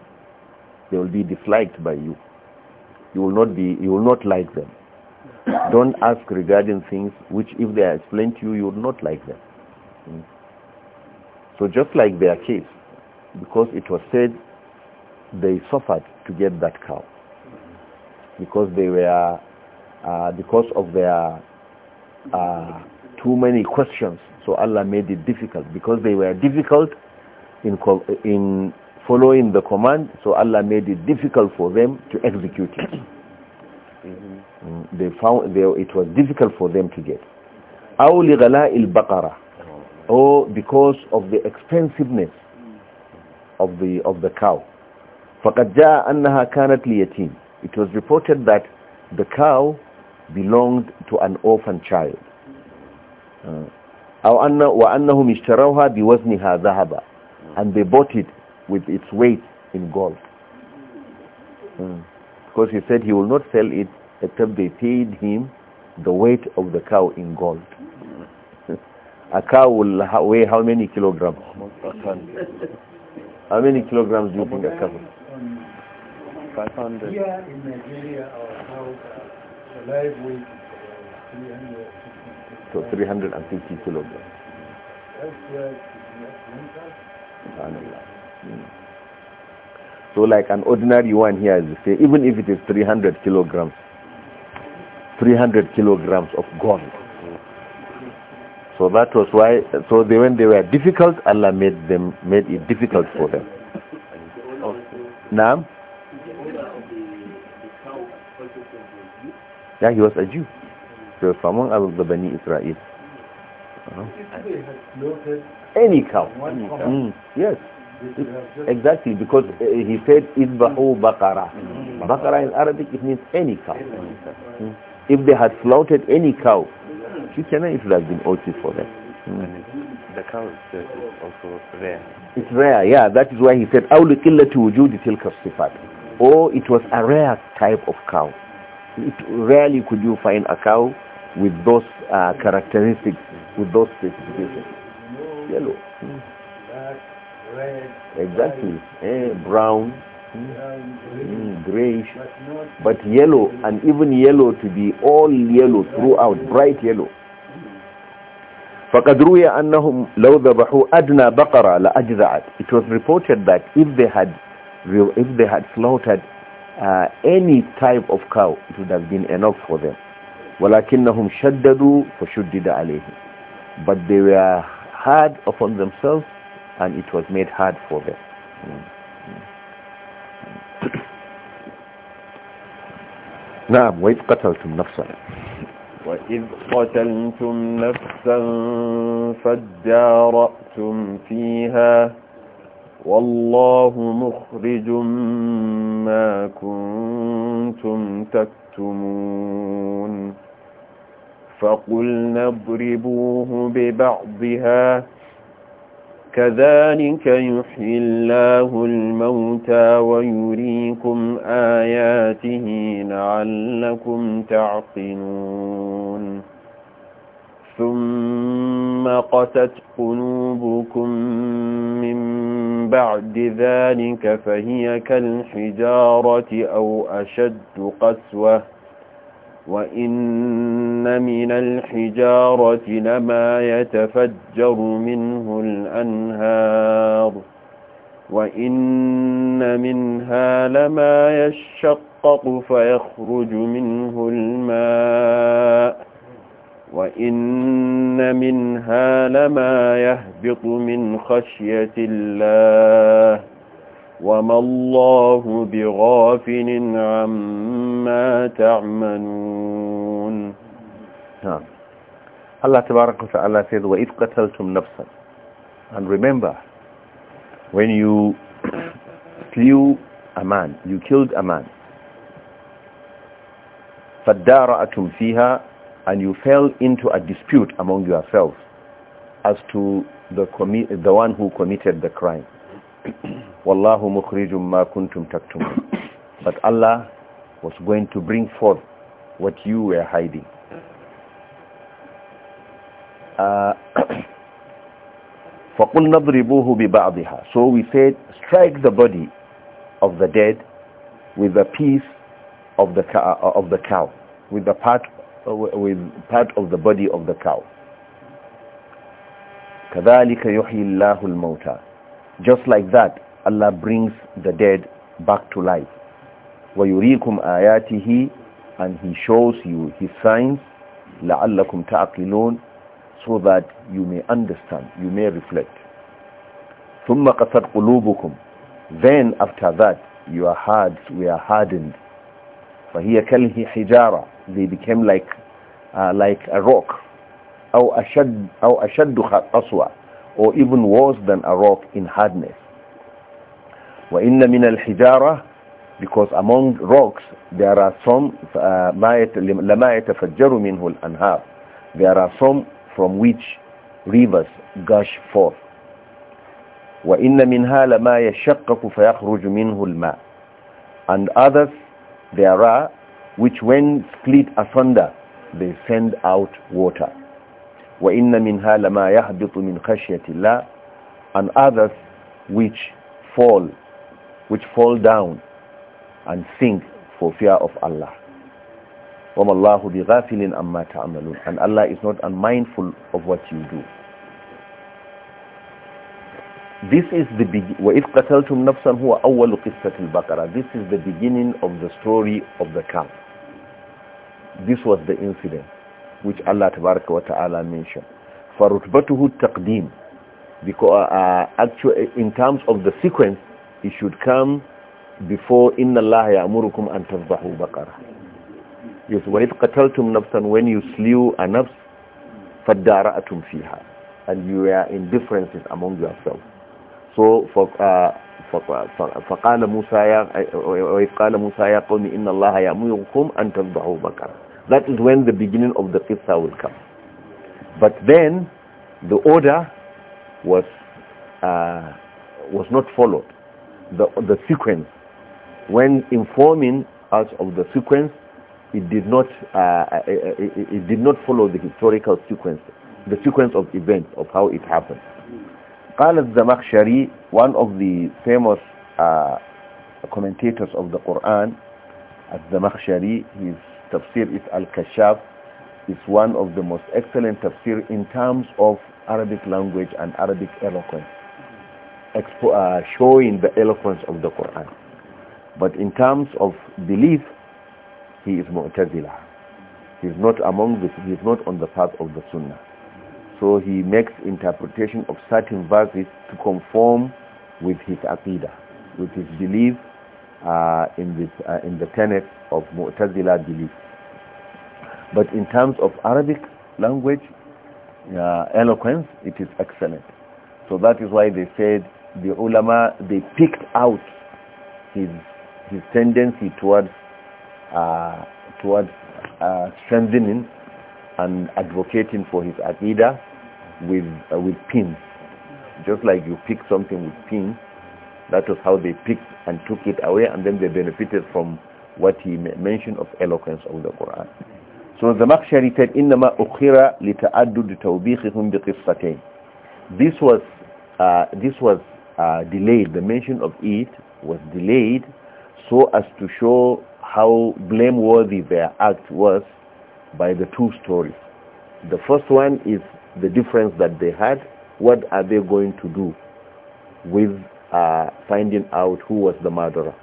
they will be disliked by you you will not be you will not like them *coughs* don't ask regarding things which if they are explained to you you would not like them mm. so just like their case because it was said they suffered to get that cow because they were uh, because of their uh, too many questions. So Allah made it difficult because they were difficult in, in following the command. So Allah made it difficult for them to execute it. *coughs* mm -hmm. They found they, it was difficult for them to get. أو al البقرة or oh, because of the expensiveness of the of the cow. فقد جاء أنها كانت ليتيم. It was reported that the cow belonged to an orphan child. Uh, and they bought it with its weight in gold. Uh, because he said he will not sell it except they paid him the weight of the cow in gold. *laughs* A cow will weigh how many kilograms? How many kilograms do you think a cow? 500. in Nigeria, our live weight is So 350 kilograms. So like an ordinary one here, as you say, even if it is 300 kilograms, 300 kilograms of gold. So that was why, so they, when they were difficult, Allah made them, made it difficult for them. Now, Yeah, he was a Jew. So, from among the Bani Israel. Uh -huh. Any cow. Mm, yes. Exactly, because uh, he said Izbahu Baqara. Mm-hmm. Bakara in Arabic it means any cow. Mm. If they had slaughtered any cow, Christiana it would have been okay for them. Mm. The cow uh, is also rare. It's rare, yeah. That is why he said أو لقلة وجود تلك fat. Oh, it was a rare type of cow rarely could you find a cow with those uh, characteristics, with those specifications. Yellow. Mm. Black, red. Exactly. Eh, brown. Mm, grayish, but yellow, and even yellow to be all yellow throughout, bright yellow. فقد روي أنهم لو ذبحوا أدنى بقرة لأجزعت. It was reported that if they had if they had slaughtered uh, any type of cow, it would have been enough for them. وَلَكِنَّهُمْ شَدَّدُوا فَشُدِّدَ عَلَيْهِمْ But they were hard upon themselves and it was made hard for them. *coughs* نعم وإذ قتلتم نفسا وإذ قتلتم نفسا فادارأتم فيها والله مخرج ما كنتم تكتمون فقلنا اضربوه ببعضها كذلك يحيي الله الموتى ويريكم آياته لعلكم تعقلون ثم ثم قست قلوبكم من بعد ذلك فهي كالحجارة أو أشد قسوة وإن من الحجارة لما يتفجر منه الأنهار وإن منها لما يشقق فيخرج منه الماء وإن منها لما يهبط من خشية الله وما الله بغافل عما تعملون نعم Allah Ta'ala said وَإِذْ قَتَلْتُمْ نَفْسًا And remember, when you *coughs* slew a man, you killed a man, فَدَّارَأَتُمْ فِيهَا and you fell into a dispute among yourselves as to the, the one who committed the crime. *clears throat* Wallahu mukhrijum ma kuntum taktumun. But Allah was going to bring forth what you were hiding. Uh, *clears throat* فَقُلْنَا اضْرِبُوهُ بِبَعْضِهَا So we said, strike the body of the dead with the piece of the, of the cow, with the part with part of the body of the cow. كَذَلِكَ يُحْيِي اللَّهُ الْمَوْتَى Just like that, Allah brings the dead back to life. وَيُرِيكُمْ آيَاتِهِ And He shows you His signs لَعَلَّكُمْ تَعْقِلُونَ So that you may understand, you may reflect. ثُمَّ قَسَتْ قُلُوبُكُمْ Then after that, your hearts were hardened. فَهِيَ كَالْهِ حِجَارَةً they became like uh, like a rock or أشد أو or even worse than a rock in hardness وإن من الحجارة because among rocks there are some uh, لما يتفجر منه الأنهار there are some from which rivers gush forth وإن منها لما يشقق فيخرج منه الماء and others there are which when split asunder they send out water وَإِنَّ مِنْهَا لَمَا يَهْبِطُ مِنْ خَشْيَةِ اللَّهِ and others which fall which fall down and sink for fear of Allah وَمَا اللَّهُ بِغَافِلٍ أَمَّا تَعْمَلُونَ and Allah is not unmindful of what you do this is the qataltum nafsan huwa هُوَ أَوَّلُ قِصَّةِ الْبَقَرَةِ this is the beginning of the story of the calf this was the incident which Allah tabaraka wa ta'ala mentioned. فَرُتْبَتُهُ التَّقْدِيمِ Because uh, uh actually, in terms of the sequence, it should come before إِنَّ اللَّهَ يَأْمُرُكُمْ أَن تَذْبَحُوا بَقَرَةً Yes, وَإِذْ قَتَلْتُمْ نَفْسًا When you slew a nafs, فَدَّارَأْتُمْ فِيهَا And you are in differences among yourselves. So, for, uh, فقال موسى يا وإذ قال موسى يا قوم إن الله يأمركم أن تذبحوا بقرة that is when the beginning of the qissa will come. But then the order was, uh, was not followed. The, the sequence. When informing us of the sequence, it did not, uh, uh, uh it, it, did not follow the historical sequence, the sequence of events, of how it happened. قال الزمخشري one of the famous uh, commentators of the Quran الزمخشري he is tafsir is Al-Kashaf. It's one of the most excellent tafsir in terms of Arabic language and Arabic eloquence, Expo uh, showing the eloquence of the Quran. But in terms of belief, he is Mu'tazila. He's not among the, he's not on the path of the Sunnah. So he makes interpretation of certain verses to conform with his aqidah, with his belief uh, in, this, uh, in the tenet of Mu'tazila belief. But in terms of Arabic language, uh, eloquence, it is excellent. So that is why they said the ulama, they picked out his, his tendency towards, uh, towards uh, strengthening and advocating for his aqidah with, uh, with pins. Just like you pick something with pins that was how they picked and took it away and then they benefited from what he mentioned of eloquence of the Quran. So the Makhshari said, إِنَّمَا ukhira lita'adud تَوْبِيخِهُمْ بِقِصَّتَيْنِ This was, uh, this was uh, delayed, the mention of it was delayed so as to show how blameworthy their act was by the two stories. The first one is the difference that they had. What are they going to do with uh, finding out who was the murderer.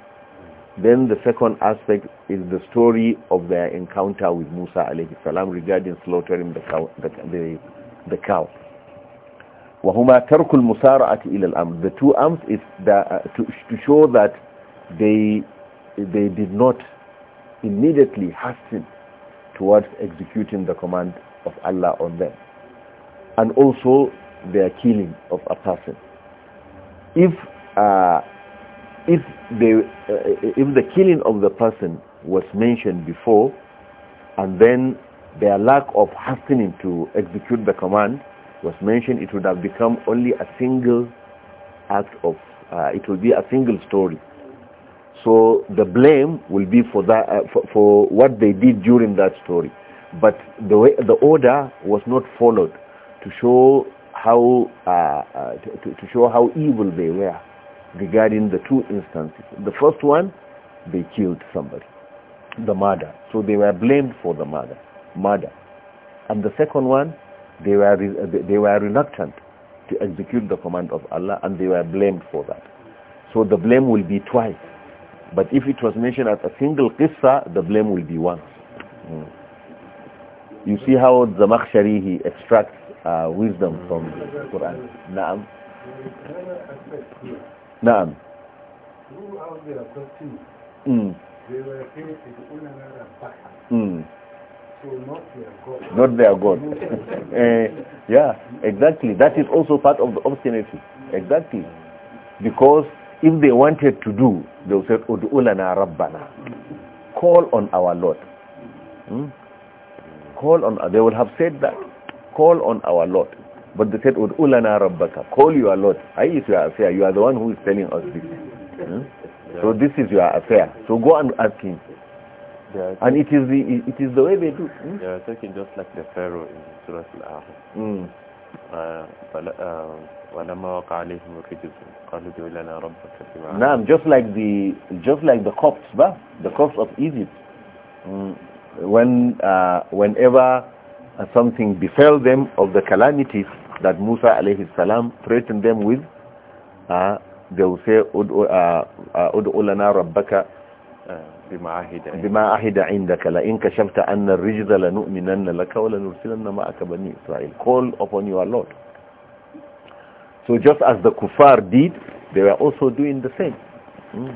Then the second aspect is the story of their encounter with Musa alayhi salam regarding slaughtering the cow. The, the, the cow. وهما ترك المسارعة إلى الأمر. The two arms is uh, to, to show that they they did not immediately hasten towards executing the command of Allah on them. And also their killing of a person. If uh, if, the uh, if the killing of the person was mentioned before and then their lack of hastening to execute the command was mentioned, it would have become only a single act of, uh, it would be a single story. So the blame will be for, that, uh, for, for, what they did during that story. But the, way, the order was not followed to show how, uh, uh to, to show how evil they were regarding the two instances. The first one, they killed somebody, the murder. So they were blamed for the murder. murder. And the second one, they were, uh, they were reluctant to execute the command of Allah and they were blamed for that. So the blame will be twice. But if it was mentioned as a single qissa, the blame will be once. Mm. You see how Zamakhshari, he extracts uh, wisdom from the Quran. Naam na'am throughout their questioning they were faced one another battle not their god uh, *laughs* yeah exactly that is also part of the obstinacy exactly because if they wanted to do they would say rabbana call on our lord hmm? call on they would have said that call on our lord but they said, Ud'ulana rabbaka. Call your Lord. I is your affair. You are the one who is telling us this. Hmm? So this is your affair. So go and ask him. And it is the it is the way they do. Hmm? They are taking just like the Pharaoh in Surah Al-A'raf. Hmm. Uh, uh, ولما just like the just like the Copts bah, the Copts of Egypt hmm. when uh, whenever something befell them of the calamities that Musa alayhi salam threatened them with uh, they will say ud'u uh, uh, lana rabbaka bima ahida indaka la in kashafta anna ar-rijza lanu'minanna laka wa lanursilanna ma'aka bani israel call upon your lord so just as the kuffar did they were also doing the same mm.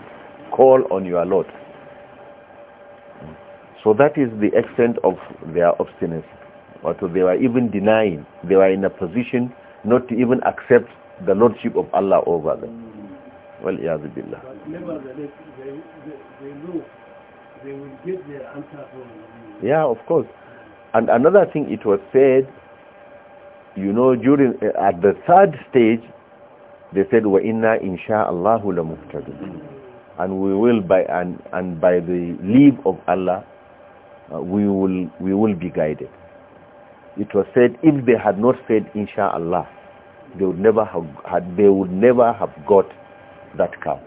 call on your lord hmm. so that is the extent of their obstinacy wato they were even denying they were in a position not to even accept the lordship of Allah over them well yeah the billah they will get their answer from yeah of course and another thing it was said you know during uh, at the third stage they said wa inna insha'allah lamuhtadun and we will by and and by the leave of Allah uh, we will we will be guided it was said if they had not said inshallah they would never have had they would never have got that cow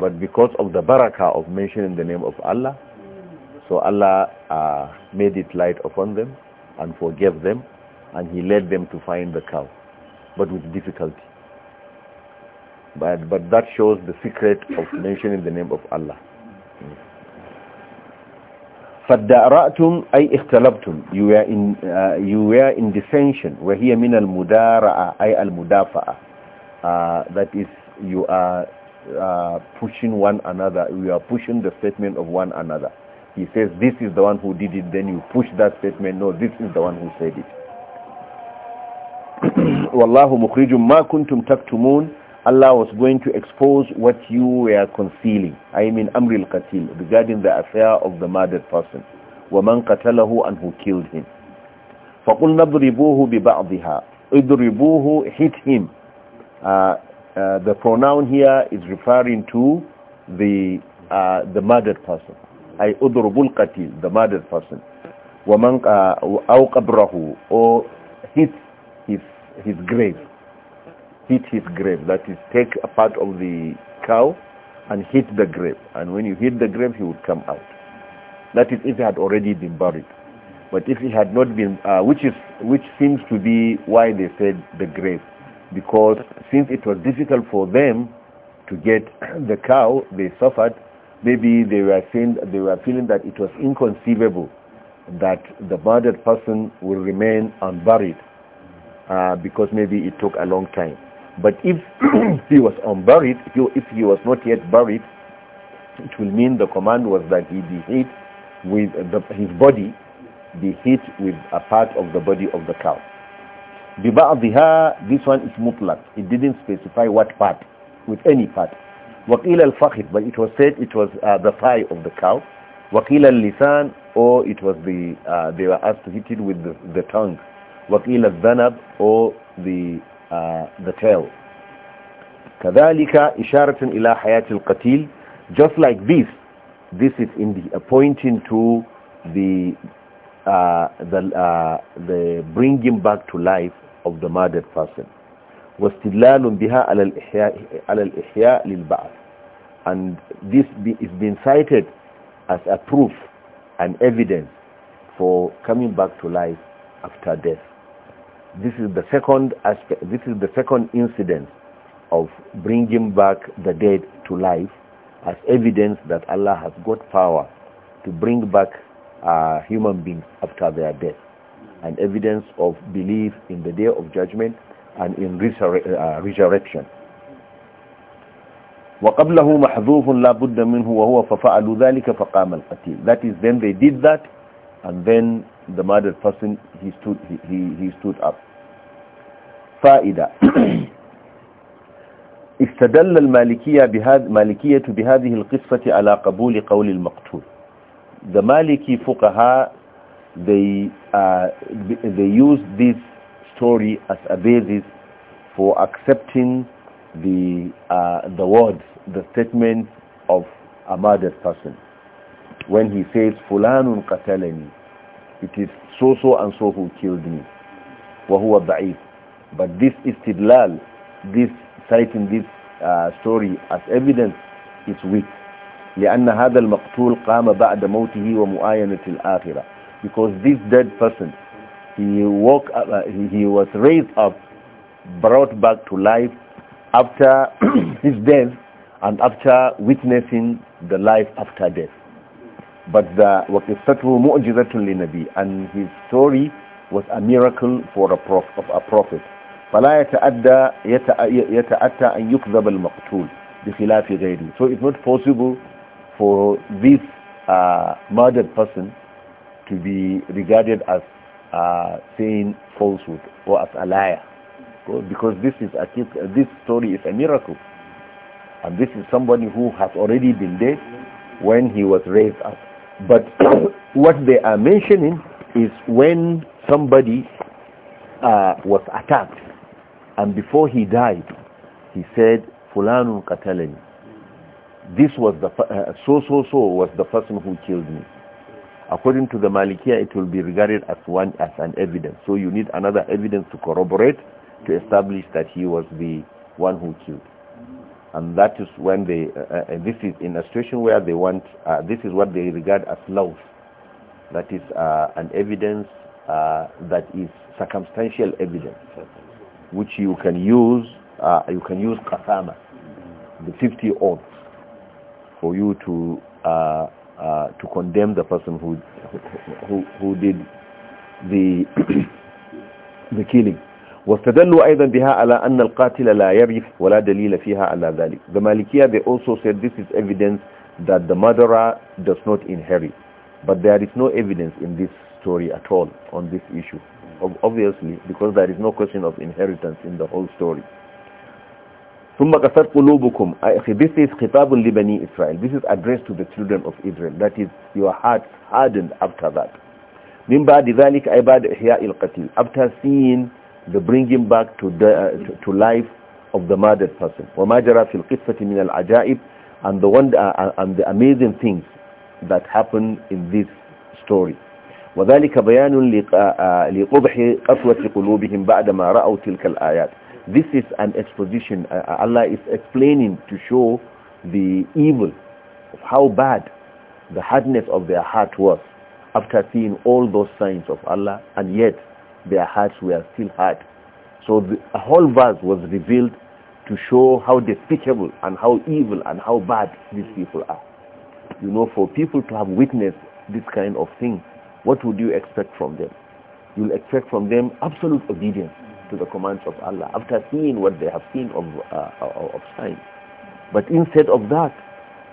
but because of the barakah of mentioning the name of Allah so Allah uh, made it light upon them and forgave them and he led them to find the cow but with difficulty but but that shows the secret of mentioning the name of Allah mm. فدارأتم أي اختلفتم you were in uh, you were in dissension وهي من المدارعة أي المدافعة uh, that is you are uh, pushing one another you are pushing the statement of one another he says this is the one who did it then you push that statement no this is the one who said it والله مخرج ما كنتم تكتمون Allah was going to expose what you were concealing. I mean Amril Qatil, regarding the affair of the murdered person. وَمَنْ قَتَلَهُ and who killed him. فَقُلْنَا اضْرِبُوهُ بِبَعْضِهَا اضْرِبُوهُ Hit him. Uh, uh, the pronoun here is referring to the, uh, the murdered person. I اضْرِبُ الْقَتِيل The murdered person. وَمَنْ uh, أَوْ قَبْرَهُ Or hit his, his grave hit his grave. That is, take a part of the cow and hit the grave. And when you hit the grave, he would come out. That is, if he had already been buried. But if he had not been, uh, which is which seems to be why they said the grave, because since it was difficult for them to get *clears throat* the cow, they suffered. Maybe they were saying they were feeling that it was inconceivable that the murdered person will remain unburied uh, because maybe it took a long time. But if *clears throat* he was unburied, if he was not yet buried, it will mean the command was that he be hit with the, his body, be hit with a part of the body of the cow. ببعضها this one is mutlaq. It didn't specify what part, with any part. وقيل الفخذ but it was said it was uh, the thigh of the cow. وقيل lisan, or it was the uh, they were asked to hit it with the, the tongue. وقيل الذنب or the uh, the tail. كَذَلِكَ إِشَارَةٌ إِلَىٰ حَيَاةِ الْقَتِيلِ Just like this, this is in the, uh, pointing to the, uh, the, uh, the bringing back to life of the murdered person. وَاسْتِدْلَالٌ بِهَا عَلَى الْإِحْيَاءِ, على الاحياء للبعث And this be, is being cited as a proof and evidence for coming back to life after death. This is the second aspect, this is the second incident of bringing back the dead to life as evidence that Allah has got power to bring back uh, human beings after their death and evidence of belief in the day of judgment and in resurre uh, resurrection. وقبله محذوف لا بد منه وهو ففعلوا ذلك فقام القتيل that is then they did that and then the murdered person he stood he, he, he stood up فائدة استدل المالكية بهذه, مالكية بهذه القصة على قبول قول المقتول The Maliki fuqaha they, uh, they use this story as a basis for accepting the, uh, the words, the statement of a murdered person. When he says, Fulanun qatalani, it is so so and so who killed me. وهو ضعيف But this istidlal, this citing this uh, story as evidence is weak. لأن هذا المقتول قام بعد موته ومؤاينة الآخرة because this dead person he woke up, uh, he, he was raised up brought back to life after *clears throat* his death and after witnessing the life after death but the وقصته معجزة لنبي and his story was a miracle for a, prof, a prophet فلا يتأدى يتأتى أن يكذب المقتول بخلاف غيره so it's not possible for this uh, murdered person to be regarded as uh, saying falsehood or as a liar because this is a, this story is a miracle and this is somebody who has already been dead when he was raised up but *coughs* what they are mentioning is when somebody uh, was attacked and before he died, he said, "Fulanu Katalani. This was the, uh, so so so was the person who killed me. According to the Malikiya, it will be regarded as one as an evidence. So you need another evidence to corroborate, to establish that he was the one who killed. And that is when they, uh, uh this is in a situation where they want, uh, this is what they regard as love. That is uh, an evidence that is circumstantial evidence which you can use uh, you can use qasama the 50 odds for you to uh, uh, to condemn the person who who, who did the *coughs* the killing واستدلوا أيضا بها على أن القاتل لا يرث ولا دليل فيها على ذلك the Malikiya they also said this is evidence that the murderer does not inherit but there is no evidence in this story at all on this issue obviously, because there is no question of inheritance in the whole story. ثم قصد قلوبكم this is خطاب لبني Israel this is addressed to the children of Israel that is your heart hardened after that من بعد ذلك أي إحياء القتيل after seeing the bringing back to, the, uh, to, to, life of the murdered person وما جرى في القصة من العجائب and the, one, uh, and the amazing things that happen in this story وذلك بيان لقبح قسوة قلوبهم بعدما رأوا تلك الآيات This is an exposition uh, Allah is explaining to show the evil of how bad the hardness of their heart was after seeing all those signs of Allah and yet their hearts were still hard so the a whole verse was revealed to show how despicable and how evil and how bad these people are you know for people to have witnessed this kind of thing what would you expect from them? You'll expect from them absolute obedience to the commands of Allah after seeing what they have seen of, uh, of signs. But instead of that,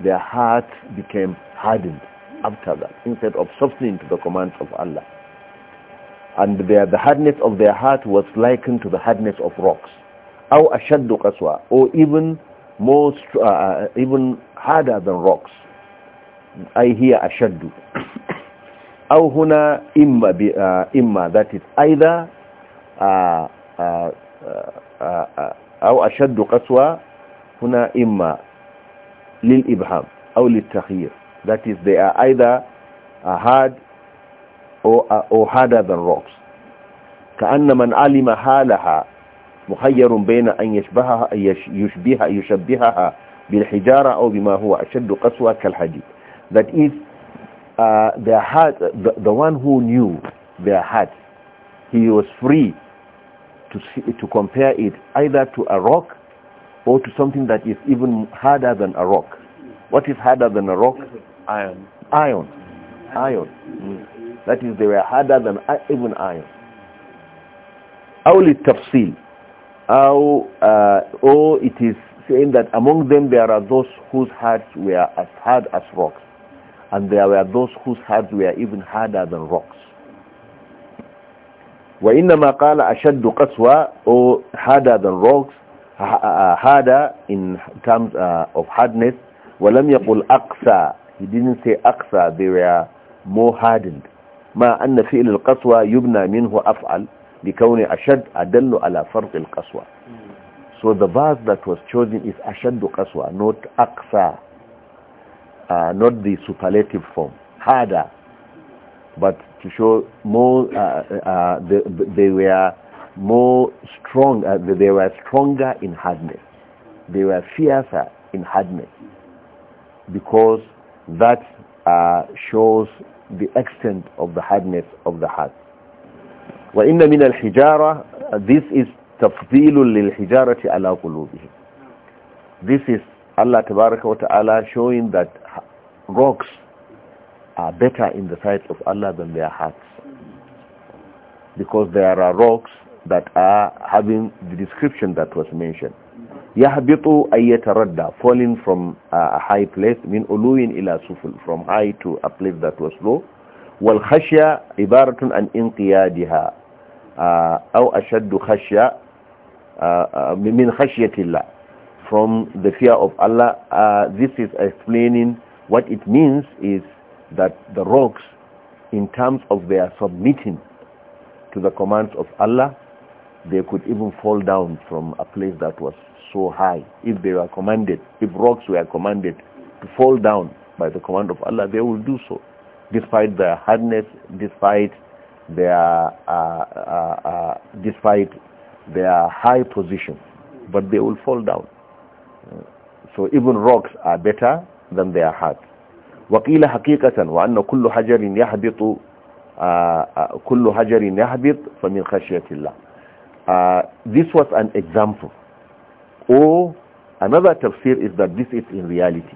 their heart became hardened after that, instead of softening to the commands of Allah. And their, the hardness of their heart was likened to the hardness of rocks. أو أشد قسوة or even more uh, even harder than rocks I hear أشد *coughs* أو هنا إما, آه، إما ذات أيضا آه، آه، أو أشد قسوة هنا إما للإبهام أو للتخيير that is they are either a hard or, or harder than rocks كأن من علم حالها مخير بين أن يشبهها يشبهها يشبهها بالحجارة أو بما هو أشد قسوة كالحديد that is Uh, their heart, the, the one who knew their heart, he was free to, see, to compare it either to a rock or to something that is even harder than a rock. What is harder than a rock? Iron. Iron. Iron. Mm. That is, they were harder than even iron. How أو للتفصيل أو Oh, it is saying that among them there are those whose hearts were as hard as rocks and there were those whose hearts were even harder than rocks. وإنما قال أشد قسوة or harder than rocks harder in terms uh, of hardness ولم يقل أقسى he didn't say أقسى they were more hardened ما أن فعل القسوة يبنى منه أفعل لكون أشد أدل على فرق القسوة so the verse that was chosen is أشد قسوة not أقسى uh, not the superlative form, harder, but to show more, uh, uh, uh they, they, were more strong, uh, they were stronger in hardness. They were fiercer in hardness because that shows the extent of the hardness of the heart. وَإِنَّ مِنَ الْحِجَارَةِ This is تَفْضِيلٌ لِلْحِجَارَةِ عَلَى قُلُوبِهِمْ This is Allah tabaraka wa ta'ala showing that rocks are better in the sight of Allah than their hearts because there are rocks that are having the description that was mentioned yahbitu ayyataradda falling from a high place min uluwin ila suful from high to a place that was low wal khashya ibaratun an inqiyadiha aw ashaddu khashya min khashyati from the fear of Allah. Uh, this is explaining what it means is that the rocks, in terms of their submitting to the commands of Allah, they could even fall down from a place that was so high. If they were commanded, if rocks were commanded to fall down by the command of Allah, they will do so, despite their hardness, despite their, uh, uh, uh, despite their high position. But they will fall down. So even rocks are better than their heart. وقيل حقيقة وأن كل حجر يحبط كل حجر يحبط فمن خشية الله. Uh, this was an example. Or oh, another tafsir is that this is in reality.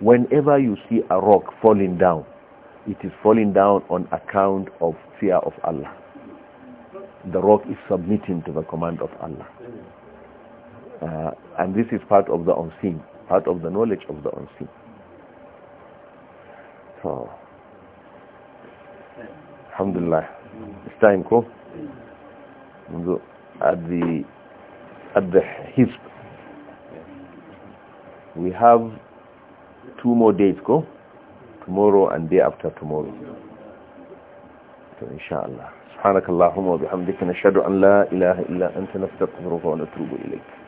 Whenever you see a rock falling down, it is falling down on account of fear of Allah. The rock is submitting to the command of Allah. Uh, and this is part of the unseen, part of the knowledge of the unseen. So, Alhamdulillah. It's time, ko? At the, at the hisp, we have two more days, ko? Tomorrow and day after tomorrow. So, inshallah. سبحانك اللهم وبحمدك نشهد أن لا إله إلا أنت نستغفرك ونتوب إليك